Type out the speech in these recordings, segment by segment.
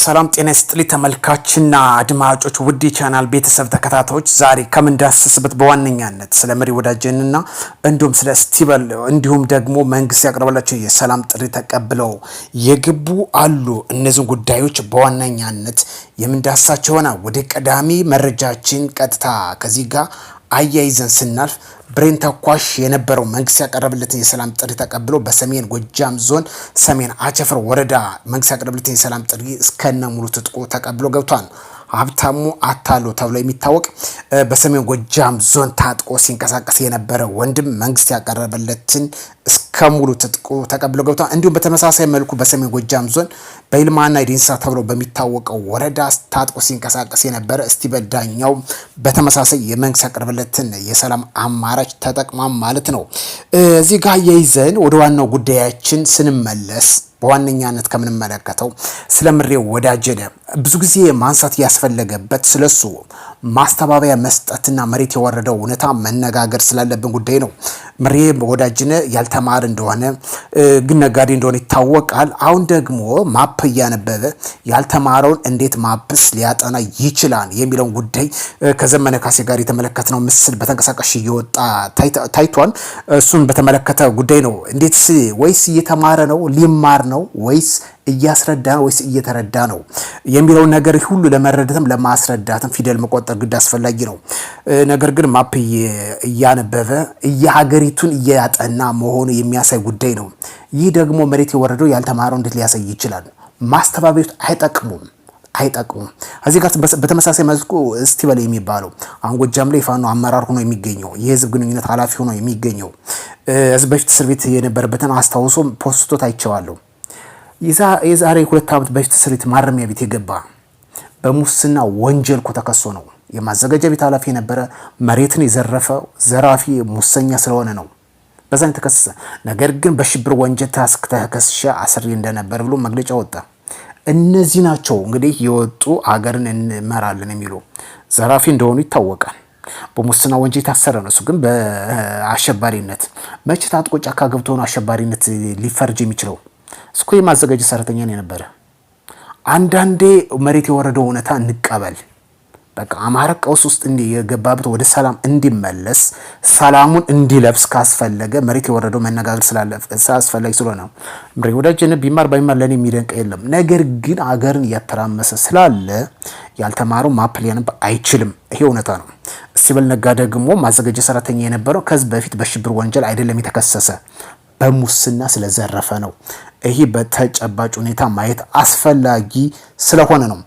ሰላም ጤና ይስጥልኝ ተመልካችና አድማጮች፣ ውድ ቻናል ቤተሰብ ተከታታዮች፣ ዛሬ ከምንዳስስበት በዋነኛነት ስለ መሪ ወዳጄንና እንዲሁም ስለ ስቲቨን እንዲሁም ደግሞ መንግስት ያቀረበላቸው የሰላም ጥሪ ተቀብለው የገቡ አሉ። እነዚህን ጉዳዮች በዋነኛነት የምንዳስሳቸው ሆና ወደ ቀዳሚ መረጃችን ቀጥታ ከዚህ ጋር አያይዘን ስናልፍ ብሬን ተኳሽ የነበረው መንግስት ያቀረበለትን የሰላም ጥሪ ተቀብሎ በሰሜን ጎጃም ዞን ሰሜን አቸፈር ወረዳ መንግስት ያቀረበለትን የሰላም ጥሪ እስከነ ሙሉ ትጥቁ ተቀብሎ ገብቷል። ሀብታሙ አታሎ ተብሎ የሚታወቅ በሰሜን ጎጃም ዞን ታጥቆ ሲንቀሳቀስ የነበረ ወንድም መንግስት ያቀረበለትን ከሙሉ ትጥቁ ተቀብሎ ገብቷል። እንዲሁም በተመሳሳይ መልኩ በሰሜን ጎጃም ዞን በይልማና ዲንሳ ተብሎ በሚታወቀው ወረዳ ታጥቆ ሲንቀሳቀስ የነበረ እስቲበል ዳኛው በተመሳሳይ የመንግስት ያቀረበለትን የሰላም አማራጭ ተጠቅማም ማለት ነው። እዚህ ጋር የይዘን ወደ ዋናው ጉዳያችን ስንመለስ በዋነኛነት ከምንመለከተው ስለ ምሬው ወዳጀነ ብዙ ጊዜ ማንሳት ያስፈለገበት ስለሱ ማስተባበያ መስጠትና መሬት የወረደው እውነታ መነጋገር ስላለብን ጉዳይ ነው። መሪ ወዳጅነ ያልተማር እንደሆነ ግን ነጋዴ እንደሆነ ይታወቃል። አሁን ደግሞ ማፕ እያነበበ ያልተማረውን እንዴት ማፕስ ሊያጠና ይችላል የሚለውን ጉዳይ ከዘመነ ካሴ ጋር የተመለከትነው ምስል በተንቀሳቃሽ እየወጣ ታይቷል። እሱን በተመለከተ ጉዳይ ነው። እንዴትስ ወይስ እየተማረ ነው ሊማር ነው ወይስ እያስረዳ ወይስ እየተረዳ ነው የሚለውን ነገር ሁሉ ለመረዳትም ለማስረዳትም ፊደል መቆጠር ግድ አስፈላጊ ነው። ነገር ግን ማፕ እያነበበ የሀገሪቱን እያጠና መሆኑ የሚያሳይ ጉዳይ ነው። ይህ ደግሞ መሬት የወረደው ያልተማረው እንዴት ሊያሳይ ይችላል? ማስተባበያዎች አይጠቅሙም አይጠቅሙም። እዚህ ጋር በተመሳሳይ መልኩ እስቲ በል የሚባለው አሁን ጎጃም ላይ ፋኖ አመራር ሆኖ የሚገኘው የህዝብ ግንኙነት ኃላፊ ሆኖ የሚገኘው በፊት እስር ቤት የነበረበትን አስታውሶ ፖስቶት አይቸዋለሁ። የዛሬ ሁለት ዓመት በፊት ስሪት ማረሚያ ቤት የገባ በሙስና ወንጀል እኮ ተከሶ ነው። የማዘጋጃ ቤት ኃላፊ የነበረ መሬትን የዘረፈ ዘራፊ ሙሰኛ ስለሆነ ነው በዛ የተከሰሰ። ነገር ግን በሽብር ወንጀል ታስክ ተከስሼ አስሪ እንደነበር ብሎ መግለጫ ወጣ። እነዚህ ናቸው እንግዲህ የወጡ አገርን እንመራለን የሚሉ ዘራፊ እንደሆኑ ይታወቃል። በሙስና ወንጀል የታሰረ ነው። እሱ ግን በአሸባሪነት መቼ ታጥቆ ጫካ ገብቶ ነው አሸባሪነት ሊፈርጅ የሚችለው? እስኩ የማዘጋጀት ሰራተኛ ነው የነበረ። አንዳንዴ መሬት የወረደው እውነታ እንቀበል። በቃ አማራ ቀውስ ውስጥ የገባበት ወደ ሰላም እንዲመለስ ሰላሙን እንዲለብስ ካስፈለገ መሬት የወረደው መነጋገር ስላስፈላጊ ስለሆነ ነው። ምሬ ወዳጅን ቢማር ባይማር ለእኔ የሚደንቀ የለም። ነገር ግን አገርን እያተራመሰ ስላለ ያልተማረው ማፕ ሊያነብ አይችልም። ይሄ እውነታ ነው። እስቲበል ነጋ ደግሞ ማዘጋጃ ሰራተኛ የነበረው ከዚህ በፊት በሽብር ወንጀል አይደለም የተከሰሰ በሙስና ስለዘረፈ ነው። ይሄ በተጨባጭ ሁኔታ ማየት አስፈላጊ ስለሆነ ነው።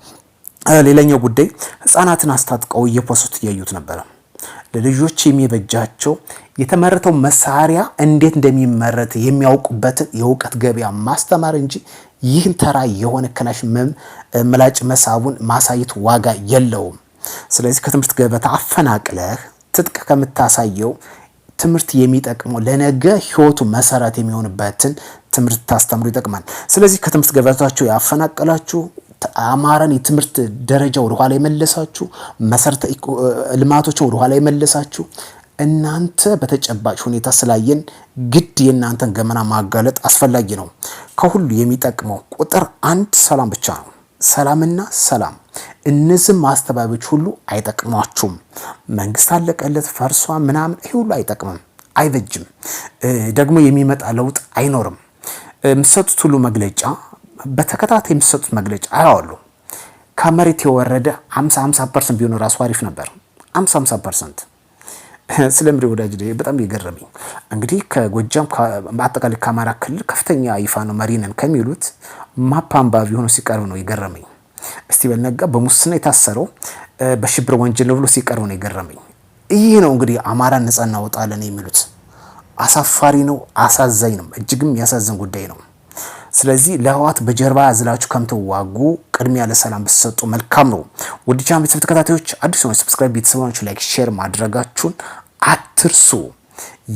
ሌላኛው ጉዳይ ህጻናትን አስታጥቀው እየፖስቱት እያዩት ነበረ። ለልጆች የሚበጃቸው የተመረተው መሳሪያ እንዴት እንደሚመረት የሚያውቁበትን የእውቀት ገበያ ማስተማር እንጂ ይህን ተራ የሆነ ክላሽ ምላጭ መሳቡን ማሳየት ዋጋ የለውም። ስለዚህ ከትምህርት ገበታ አፈናቅለህ ትጥቅ ከምታሳየው ትምህርት የሚጠቅመው ለነገ ህይወቱ መሰረት የሚሆንበትን ትምህርት ታስተምሩ ይጠቅማል። ስለዚህ ከትምህርት ገበታችሁ ያፈናቀላችሁ አማራን የትምህርት ደረጃ ወደኋላ የመለሳችሁ መሰረተ ልማቶችን ወደኋላ የመለሳችሁ እናንተ በተጨባጭ ሁኔታ ስላየን ግድ የእናንተን ገመና ማጋለጥ አስፈላጊ ነው። ከሁሉ የሚጠቅመው ቁጥር አንድ ሰላም ብቻ ነው። ሰላምና ሰላም እነዚህ ማስተባበች ሁሉ አይጠቅሟችሁም። መንግስት አለቀለት ፈርሷ ምናምን ይህ ሁሉ አይጠቅምም፣ አይበጅም። ደግሞ የሚመጣ ለውጥ አይኖርም። የምትሰጡት ሁሉ መግለጫ በተከታታይ የምትሰጡት መግለጫ አያዋሉ ከመሬት የወረደ 50 50 ፐርሰንት ቢሆን ራሱ አሪፍ ነበር። 50 50 ፐርሰንት ስለምሪ ወዳጅ በጣም የገረመኝ እንግዲህ ከጎጃም አጠቃላይ ከአማራ ክልል ከፍተኛ ይፋ ነው መሪነን ከሚሉት ማፓ አንባቢ ሆኖ ሲቀርብ ነው የገረመኝ። እስቲበል ነጋ በሙስና የታሰረው በሽብር ወንጀል ነው ብሎ ሲቀርብ ነው የገረመኝ። ይህ ነው እንግዲህ አማራን ነጻ እናወጣለን የሚሉት። አሳፋሪ ነው፣ አሳዛኝ ነው፣ እጅግም የሚያሳዝን ጉዳይ ነው። ስለዚህ ለህወሓት በጀርባ ያዝላችሁ ከምትዋጉ ቅድሚያ ለሰላም ብትሰጡ መልካም ነው። ውድ ቻናል ቤተሰብ ተከታታዮች፣ አዲስ ሆኖች ሰብስክራይብ፣ ቤተሰቦች ላይክ፣ ሼር ማድረጋችሁን አትርሱ።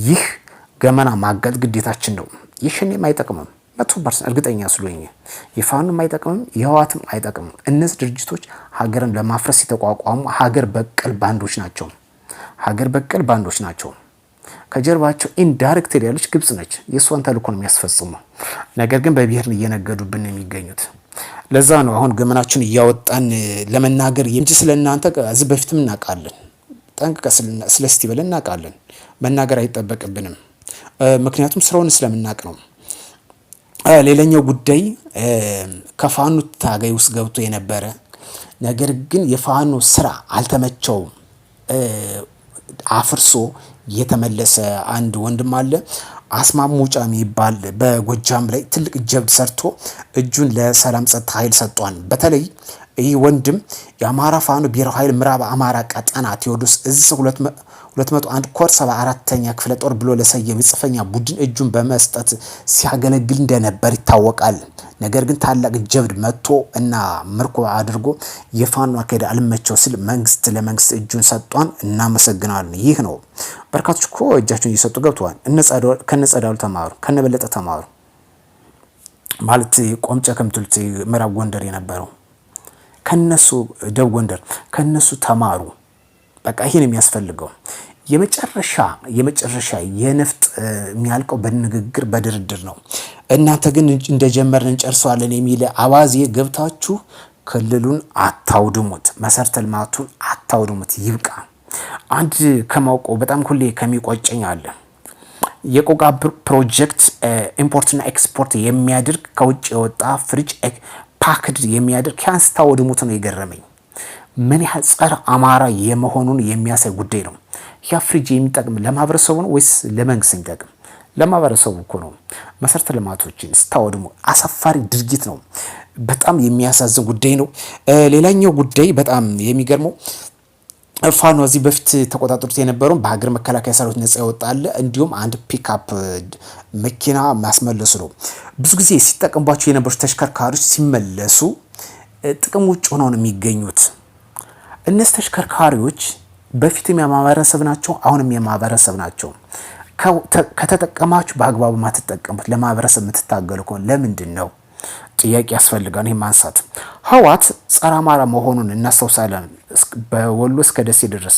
ይህ ገመና ማጋጥ ግዴታችን ነው። ይህ ሸኔም አይጠቅምም። መቶ ፐርሰንት እርግጠኛ ስሉኝ የፋኑም አይጠቅምም የህዋትም አይጠቅምም። እነዚህ ድርጅቶች ሀገርን ለማፍረስ የተቋቋሙ ሀገር በቀል ባንዶች ናቸው። ሀገር በቀል ባንዶች ናቸው። ከጀርባቸው ኢንዳይሬክትድ ያለች ግብጽ ነች። የእሷን ተልእኮ ነው የሚያስፈጽሙ። ነገር ግን በብሔር እየነገዱብን ነው የሚገኙት። ለዛ ነው አሁን ገመናችን እያወጣን ለመናገር እንጂ ስለ እናንተ እዚህ በፊትም እናውቃለን፣ ጠንቅቀ ስለ ስቲበል እናውቃለን። መናገር አይጠበቅብንም፣ ምክንያቱም ስራውን ስለምናውቅ ነው። ሌላኛው ጉዳይ ከፋኖ ታጋይ ውስጥ ገብቶ የነበረ ነገር ግን የፋኖ ስራ አልተመቸውም አፍርሶ የተመለሰ አንድ ወንድም አለ። አስማሙ ሙጫ የሚባል በጎጃም ላይ ትልቅ ጀብድ ሰርቶ እጁን ለሰላም ጸጥታ ኃይል ሰጥቷል። በተለይ ይህ ወንድም የአማራ ፋኖ ብሔራዊ ኃይል ምዕራብ አማራ ቀጠና ቴዎድሮስ እዝ 201 ኮር 74ኛ ክፍለ ጦር ብሎ ለሰየም ጽፈኛ ቡድን እጁን በመስጠት ሲያገለግል እንደነበር ይታወቃል። ነገር ግን ታላቅ ጀብድ መጥቶ እና ምርኮ አድርጎ የፋኖ አካሄድ አልመቸው ሲል መንግስት ለመንግስት እጁን ሰጧን። እናመሰግናለን። ይህ ነው። በርካቶች እኮ እጃቸውን እየሰጡ ገብተዋል። ከነጸዳሉ ተማሩ፣ ከነበለጠ ተማሩ ማለት ቆምጨ ከምትሉት ምዕራብ ጎንደር የነበረው ከነሱ ደቡብ ጎንደር ከነሱ ተማሩ። በቃ ይሄን የሚያስፈልገው የመጨረሻ የመጨረሻ የነፍጥ የሚያልቀው በንግግር በድርድር ነው። እናንተ ግን እንደጀመርን እንጨርሰዋለን የሚል አባዜ ገብታችሁ ክልሉን አታውድሙት፣ መሰረተ ልማቱን አታውድሙት። ይብቃ። አንድ ከማውቀው በጣም ሁሌ ከሚቆጨኝ አለ የቆቃ ፕሮጀክት ኢምፖርትና ኤክስፖርት የሚያደርግ ከውጭ የወጣ ፍሪጅ ፓክድ የሚያደርግ ያንስታ ወድሙት ነው የገረመኝ። ምን ያህል ጸረ አማራ የመሆኑን የሚያሳይ ጉዳይ ነው። ያ ፍሪጅ የሚጠቅም ለማህበረሰቡ ነው ወይስ ለመንግስት የሚጠቅም? ለማህበረሰቡ እኮ ነው። መሰረተ ልማቶችን ስታወድሙ አሳፋሪ ድርጊት ነው። በጣም የሚያሳዝን ጉዳይ ነው። ሌላኛው ጉዳይ በጣም የሚገርመው ፋኖ እዚህ በፊት ተቆጣጥሮት የነበረውን በሀገር መከላከያ ሰራዊት ነጻ ይወጣል። እንዲሁም አንድ ፒክአፕ መኪና ማስመለሱ ነው። ብዙ ጊዜ ሲጠቀምባቸው የነበሩ ተሽከርካሪዎች ሲመለሱ ጥቅም ውጭ ሆነው ነው የሚገኙት። እነዚህ ተሽከርካሪዎች በፊትም የማህበረሰብ ናቸው፣ አሁንም የማህበረሰብ ናቸው። ከተጠቀማችሁ በአግባቡ ማትጠቀሙት ለማህበረሰብ የምትታገሉ ከሆነ ለምንድን ነው ጥያቄ ያስፈልጋል። ይህ ማንሳት ህወሓት ጸረ አማራ መሆኑን እናስታውሳለን። በወሎ እስከ ደሴ ድረስ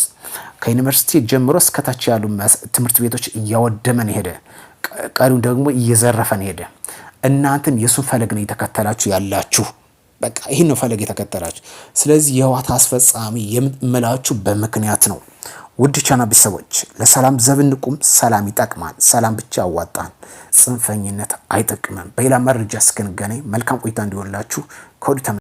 ከዩኒቨርሲቲ ጀምሮ እስከታች ያሉ ትምህርት ቤቶች እያወደመን ሄደ። ቀሪውን ደግሞ እየዘረፈን ሄደ። እናንተም የሱን ፈለግ ነው የተከተላችሁ ያላችሁ። በቃ ይህን ነው ፈለግ የተከተላችሁ። ስለዚህ የህወሓት አስፈጻሚ የምላችሁ በምክንያት ነው። ውድ ቻና ቤተሰቦች ለሰላም ዘብንቁም ሰላም ይጠቅማል። ሰላም ብቻ አዋጣን፣ ጽንፈኝነት አይጠቅምም። በሌላ መረጃ እስክንገናኝ መልካም ቆይታ እንዲሆንላችሁ ከወዲሁ